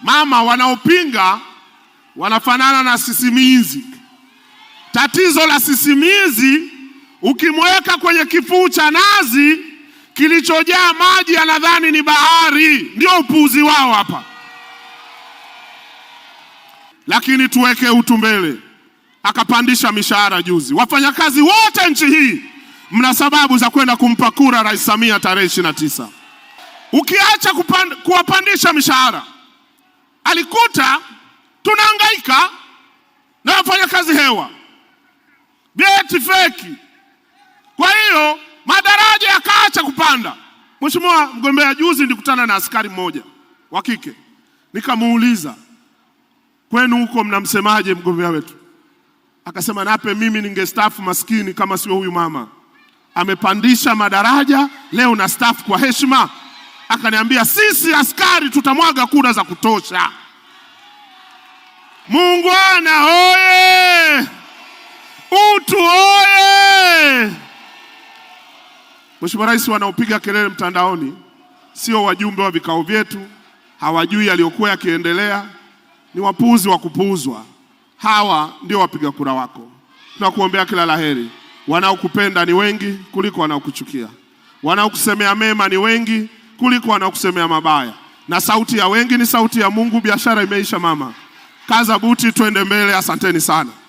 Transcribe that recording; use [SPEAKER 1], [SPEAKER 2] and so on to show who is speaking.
[SPEAKER 1] Mama, wanaopinga wanafanana na sisimizi. Tatizo la sisimizi, ukimweka kwenye kifuu cha nazi kilichojaa maji anadhani ni bahari. Ndio upuuzi wao hapa, lakini tuweke utu mbele. Akapandisha mishahara juzi, wafanyakazi wote nchi hii mna sababu za kwenda kumpa kura Rais Samia tarehe 29. Ukiacha kuwapandisha mishahara alikuta tunahangaika na wafanyakazi hewa, vyeti feki. Kwa hiyo madaraja yakaacha kupanda. Mheshimiwa mgombea, juzi nilikutana na askari mmoja wa kike, nikamuuliza kwenu huko mnamsemaje mgombea wetu? Akasema nape mimi ningestaafu maskini kama sio huyu mama amepandisha madaraja leo na staff kwa heshima. Akaniambia sisi askari tutamwaga kura za kutosha mungu ana hoye! Utu hoye! Mheshimiwa Rais, wanaopiga kelele mtandaoni sio wajumbe wa vikao vyetu, hawajui yaliyokuwa yakiendelea, ni wapuuzi wa kupuuzwa. Hawa ndio wapiga kura wako. Tunakuombea kila laheri. Wanaokupenda ni wengi kuliko wanaokuchukia, wanaokusemea mema ni wengi kuliko wanaokusemea mabaya, na sauti ya wengi ni sauti ya Mungu. Biashara imeisha mama. Kaza buti, twende mbele. Asanteni sana.